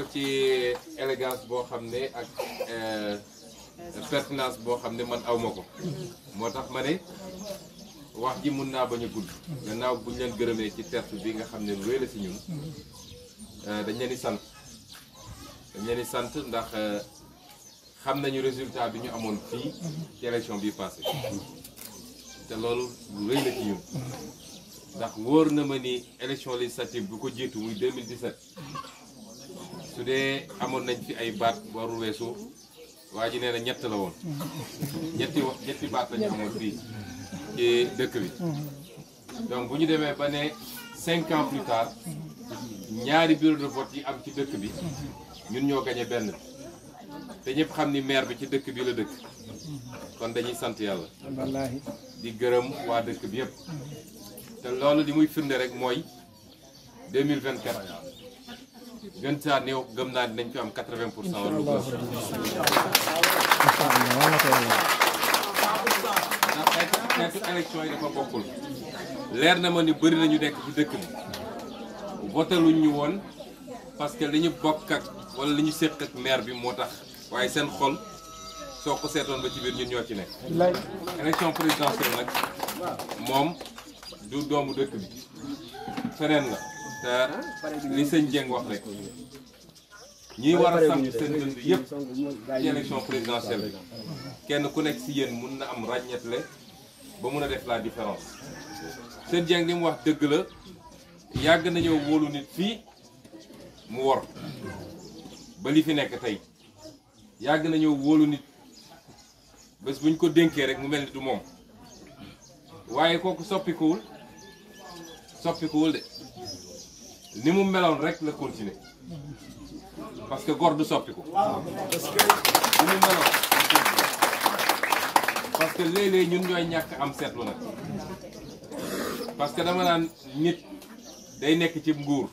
ko ci élégance boo xam ne ak euh, pertinence boo xam ne man aw ma ko moo tax ma ne wax ji mun naa bañ a gudd gannaaw buñ leen gërëmee ci tertu bi nga xam ne lu rëy la si ñun euh, dañ leen di sant dañ leen di sant ndax euh, xam nañu résultat bi ñu amoon fii ci élection bi passé te loolu lu rëy la ci ñun ndax wóor na ma ni élection législative bu ko jiitu muy 2017 su dee amoon nañ fi ay baat warul weesu waa ji nee ñett la woon ñetti ñetti baat lañu amoon fii ci dëkk bi donc bu ñu demee ba ne cinq ans plus tard ñaari bureau yi am ci dëkk bi ñun ñoo gañe benn te ñëpp xam ni maire bi ci dëkk bi la dëkk kon dañuy sant yàlla di gërëm waa dëkk bi yëpp te loolu li muy firnde rek mooy 2024 gën saa néew gëm naa dinañ fi am 80 pour cent lu ko ndax ay xeetu élection yi dafa bokkul leer na ma ni bëri nañu nekk ci dëkk bi voteluñ ñu woon parce que li ñu bokk ak wala li ñu séq ak maire bi moo tax waaye seen xol soo ko seetoon ba ci biir ñun ñoo ci nekk élection présidentielle nag moom du doomu dëkk bi feneen la te li sëñ Dieng wax rek ñi war a samp seen dënd yëpp ci élection présidentielle bi kenn ku nekk ci yéen mun na am ràññetle ba mun a def laa différence sëñ Dieng li mu wax dëgg la yàgg nañoo wóolu nit fii mu wor ba li fi nekk tey yàgg nañoo wóolu nit bés buñ ko dénkee rek mu mel ni du moom waaye kooku soppikuwul soppikuwul de ni mu meloon rek la continuer parce que góor du soppi ko ni mu meloon ñun ñooy ñàkk am seetlu nag parce que dama naan nit day nekk ci nguur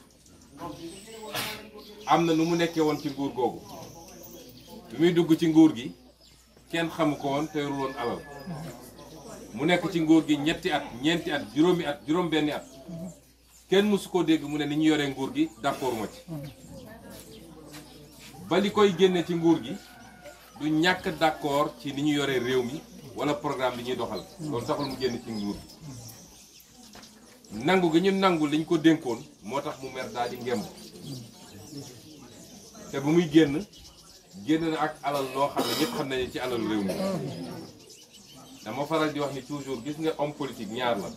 am na nu mu nekkee woon ci nguur googu bi muy dugg ci nguur gi kenn xamu ko woon te yoru woon alal mu nekk ci nguur gi ñetti at ñeenti at juróomi at juróom benni at kenn mësu koo dégg mu ne ni ñu yore nguur gi d'accord ma ci ba li koy génne ci nguur gi du ñàkk d'accord ci ni ñu yore réew mi wala programme bi ñuy doxal loolu taxul mu génn ci nguur gi nangu gi ñu nangu liñ ko dénkoon moo tax mu mer daal di ngemb te bu muy génn génn na ak alal loo xam ne ñëpp xam nañu ci alal réew mi dama faral di wax ni toujours gis nga homme politique ñaar la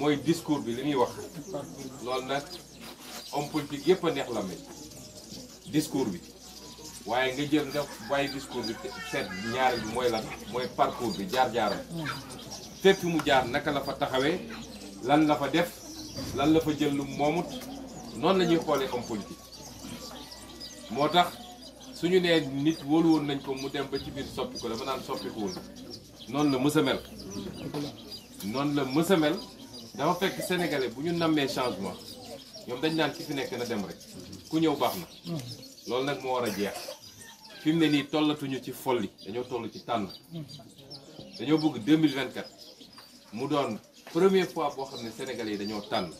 mooy discours bi li muy wax loolu nag homme politique yëpp a neex la mel discours bi waaye nga jël nga bàyyi discours bi seet ñaari bi mooy lan mooy parcours bi jaar-jaaram fépp mu jaar naka la fa taxawee lan la fa def lan la fa jël lu moomut noonu la ñuy xoolee homme politique moo tax suñu nee nit wóolu woon nañ ko mu dem ba ci biir soppi ko dama naan soppikuwul noonu la mës a mel noonu la mës a mel dama fekk sénégalais bu ñu nammee changement ñoom dañ naan ki fi nekk na dem rek ku ñëw baax na loolu nag moo war a jeex fi mu ne nii tollatuñu ci folli dañoo toll ci tànn dañoo bëgg 2024 mu doon premier fois boo xam ne sénégalais yi dañoo tànn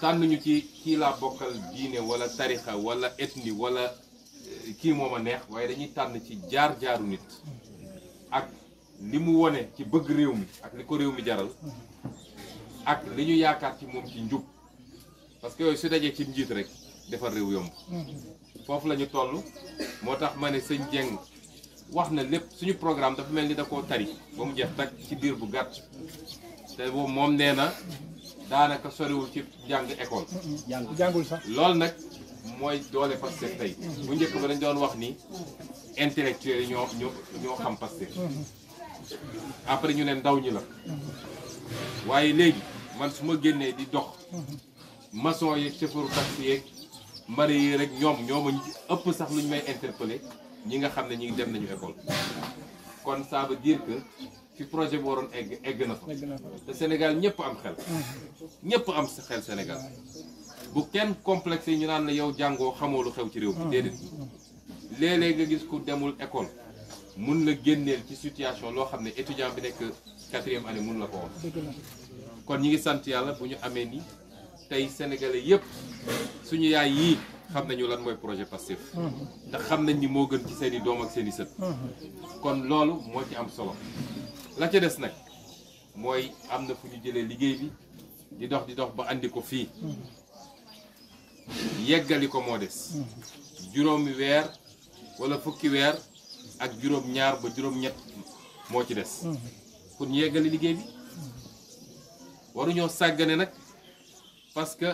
tànn ci kii laa bokkal diine wala tarixa wala ethnie wala euh, kii moom a neex waaye dañuy tànn ci jaar-jaaru nit ak li mu wone ci bëgg réew mi ak li ko réew mi jaral ak li ñu yaakaar ci moom ci njub parce que yooyu su dajee ci njiit rek defar réew yomb foofu la ñu toll moo tax ma ne sëñ Dieng wax na lépp suñu programme dafa mel ni da koo tari ba mu jeex tak ci biir bu gàtt te moom nee na daanaka soriwul ci jàng école jàngul sax loolu nag mooy doole Pastef tey bu njëkk ba dañ doon wax ni intellectuels yi ñoo ñoo ñoo xam Pastef après ñu ne ndaw ñi la waaye léegi man su ma génnee di dox mason yi chauffeur taxi yeeg mari yi rek ñoom ñooma ëpp sax lu ñu may interpellé ñi nga xam ne ñi dem nañu école kon ça veut dire fi projet bi waroon egg egg na fa te Sénégal ñëpp am xel ñëpp am xel Sénégal bu kenn complexe yi ñu naan la yow jàngoo xamoo lu xew ci réew mi mm. déedéet léeg nga gis ku demul école mun la génneel ci situation loo xam ne étudiant bi nekk quatrième année mun la ko wax kon ñi ngi sant yàlla bu ñu amee ni tey sénégalais yépp suñu yaay yii xam nañu lan mooy projet Pastef mm-hmm. ndax xam nañ ni moo gën ci seeni i doom ak seen sët mm-hmm. kon loolu moo ci am solo la ca des nag mooy am na fu ñu jëlee liggéey bi di dox di dox ba andi ko fii mm-hmm. yeggali ko moo des juróomi weer wala fukki weer ak juróom-ñaar ba juróom-ñett moo ci des mhm. pour ñu yeggali liggéey bi mhm. waruñoo sàggane nag parce que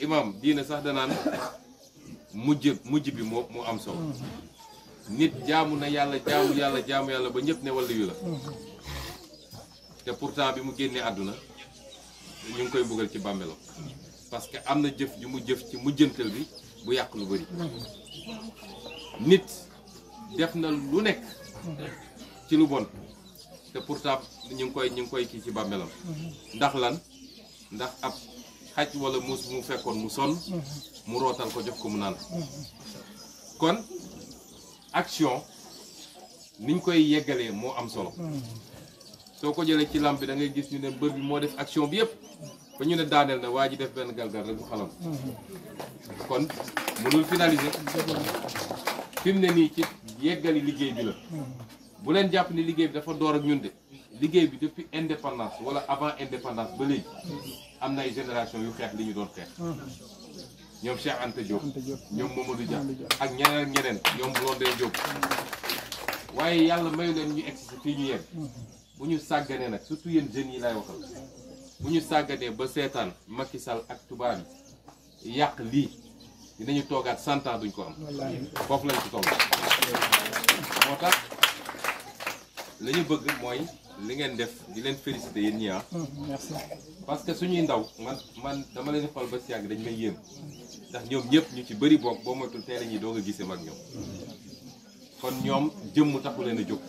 imam diine sax danaan mujj mujj bi moo moo am solo mhm. nit jaamu na yàlla jaamu yàlla jaamu yàlla ba ñëpp ne wàllu yu la te pourtant bi mu génnee àdduna ñu ngi koy buggal ci bàmmeelam parce que am na jëf ju mu jëf ci mujjantal bi bu yàq lu bëri nit def na lu nekk ci lu bon te pourtant ñu ngi koy ñu ngi koy kii ci bàmmeelam ndax lan ndax ab xaj wala muus bu mu fekkoon mu sonn mu rootal ko jox ko mu naan kon action niñ koy yeggalee moo am solo soo ko jëlee ci lamb bi da ngay gis ñu ne mbër bi moo def action bi yëpp ba ñu ne daaneel na waa ji def benn galgal rek bu xalam kon mënul finaliser fi mu ne nii ci yeggali liggéey bi la bu leen jàpp ni liggéey bi dafa door ak ñun de liggéey bi depuis indépendance wala avant indépendance ba léegi am na ay génération yu xeex li ñu doon xeex ñoom Cheikh Anta Diop ñoom Mamadou Dia ak ñeneen ak ñeneen ñoom dee Diop waaye yàlla mayu leen ñu egsi fii ñu yegg bu ñu sàgganee nag surtout yéen jeunes yi laay waxal bu ñu sàgganee ba seetaan Macky Sall ak tubaab yi yàq lii dinañu toogaat cent duñ ko am foofu lañ ko toll moo tax la ñu bëgg mooy li ngeen def di leen félicité yéen ñi ah. mm, merci parce suñuy ndaw man man dama leen xool ba si yàgg dañ may yéem ndax ñoom ñëpp ñu ci bari bokk boo matul tey la doo doog gisee mag ñoom kon ñoom jëm mu taxu leen jóg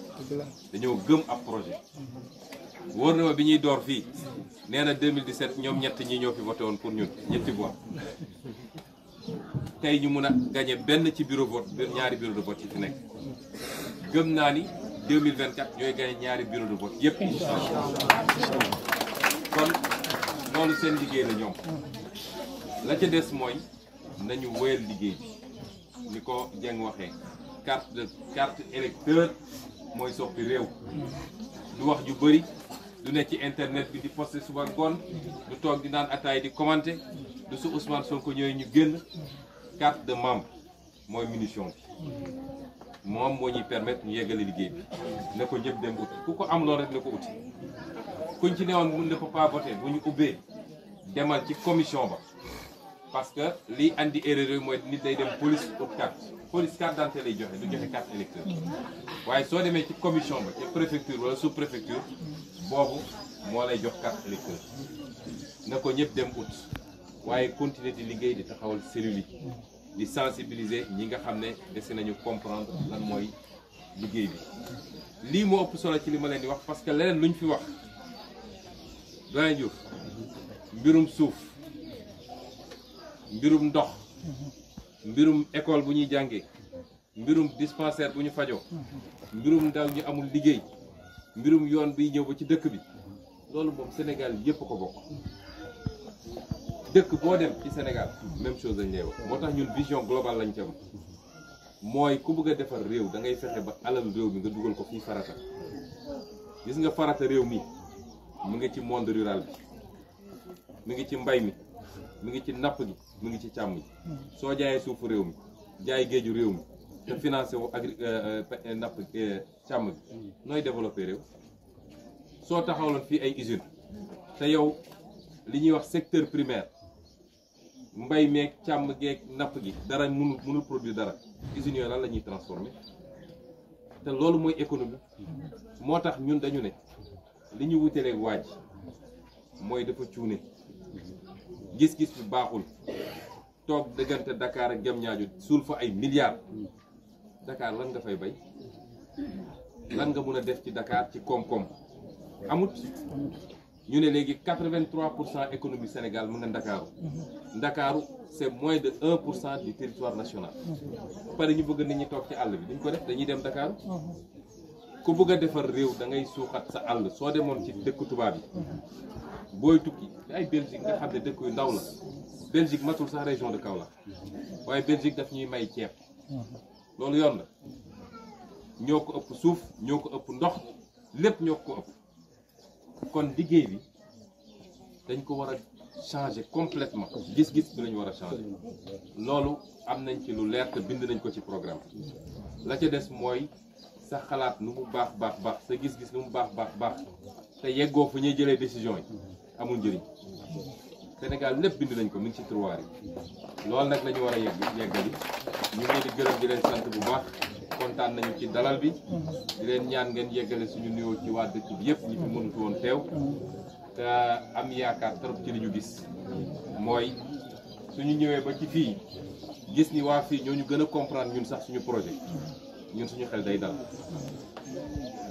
dañoo gëm ab projet wóor na ma bi ñuy door fii nee na 2017 ñoom ñett ñi ñoo fi voté woon pour ñun ñetti voix tey ñu mun a gagné benn ci bureau ñaari bureau de vote yi fi nekk gëm naa ni 2024 ñooy gagné ñaari bureau de vote yépp incha kon loolu seen liggéey la ñoom la ca des mooy nañu wéyal liggéey bi ni ko Dieng waxee carte de mooy soppi réew du wax ju bëri du ne ci internet bi di posté suba ngoon du toog di naan ataay di commanté du su Ousmane Sonko ñëwee ñu génn carte de membre mooy munition bi moom moo ñuy permettre ñu yeggale liggéey bi na ko ñëpp dem uti ku ko am loolu rek ne ko uti kuñ ci newoon mun ne ko pas voter bu ñu ubbee demal ci commission ba parce que liy indi erreur yi mooy nit day dem police ut carte police carte d'identité lay joxe du joxe carte électeur waaye soo demee ci commission ba ca préfecture wala sous préfecture boobu moo lay jox carte électeur na ko ñëpp dem ut waaye continuer di liggéey di taxawul cellule yi di sensibiliser ñi nga xam ne dese nañu comprendre lan mooy liggéey bi lii moo ëpp solo ci li ma leen di wax parce que leneen ñu fi wax doyen Diouf mbirum suuf mbirum ndox mbirum école bu ñuy jàngee mbirum dispensaire bu ñu fajoo mbirum ndaw ñu amul liggéey mbirum yoon biy ñëw ba ci dëkk bi loolu moom Sénégal yépp ko bokk dëkk boo dem ci Sénégal même chose dañ lay wax moo tax ñun vision globale lañ ci am mooy ku bëgg a defar réew da ngay fexe ba alal réew mi nga dugal ko fii farata gis nga farata réew mi mu ngi ci monde rural bi mu ngi ci mbay mi mu ngi ci napp gi mu ngi ci càmm gi soo jaayee suufu réew mi jaay géeju réew mi te financé wu agri euh, euh, napp euh, càmm gi nooy développé réew soo taxaw taxawloon fii ay usine te yow li ñuy wax secteur primaire mbay meeg càmm geeg napp gi dara mënul mënul produire dara usines yooyu lan la ñuy transformer te loolu mooy économie moo tax ñun dañu ne li ñu wuteleeg waaj mooy dafa cuune gis-gis bi baaxul toog dëggante Dakar ak Diamniadio suul fa ay milliards dakaar lan nga fay bay lan nga mun a def ci dakaar ci koom-koom amut ñu ne léegi quatre pour cent économie Sénégal mu nga Ndakaaru Ndakaaru c'est moins de un pour cent du territoire national pare ñu bëgg nit ñi toog ci àll bi duñ ko def dañuy dem Ndakaaru ku bëgg a defar réew da ngay suuxat sa àll soo demoon ci dëkk tubaab yi booy tukki ay Belgique nga xam ne dëkk yu ndaw la Belgique matul sax région de Kaolack waaye Belgique daf ñuy may ceeb loolu yoon la ñoo ko ëpp suuf ñoo ko ëpp ndox lépp ñoo ko ëpp kon liggéey bi dañ ko war a changer complètement gis-gis bi lañu war a changer loolu am nañ ci lu leer te bind nañ ko ci programme la ca des mooy sa xalaat nu mu baax baax baax sa gis-gis nu mu baax baax baax te yeggoo fu ñuy jëlee décision yi amul njëriñ Sénégal lépp bind nañ ko mu ngi ci tiroir yi loolu nag lañu war a yegg yeggali ñu ngi di gërëm di leen bu baax kontaan nañu ci dalal bi di leen ñaan ngeen yeggale suñu nuyoo ci waa dëkk bi yëpp ñi fi mënut woon teew te am yaakaar trop ci li ñu gis mooy suñu ñëwee ba ci fii gis ni waa fii ñoo ñu gën a comprendre ñun sax suñu projet ñun suñu xel day dal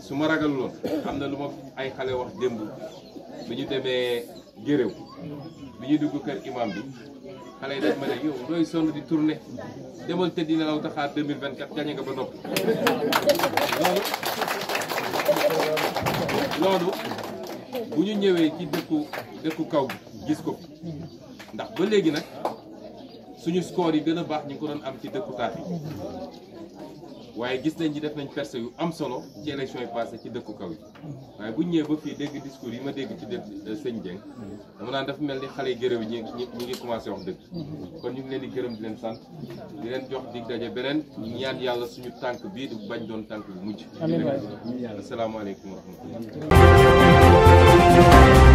su ma ragaluloon am na lu ma ay xale wax démb bi ñu demee géréw bi ñuy dugg kër imam bi xale yi dañ ma ne yow looy sonn di tourné demal tëdd dina law taxaar 2024 gañe nga ba noppi loolu bu ñu ñëwee ci dëkku dëkku kaw bi gis ko ndax ba léegi nag suñu score yi gën a baax ñu ngi ko doon am ci dëkku taat yi waaye gis nañ ci def nañ perse yu am solo ci élection yi passé ci dëkku kaw yi waaye bu ñu ñëwee ba fii dégg discours yi ma dégg ci def euh, sëñ Dieng dama naan dafa mel di xale yu gërëm ñi ñi ngi commencé wax dëgg kon ñu ngi leen di gërëm di leen sant di leen jox di daje beneen ñu ñaan yàlla suñu tànk bii du bañ doon tànk bu mujj asalaamaaleykum wa rahmatullah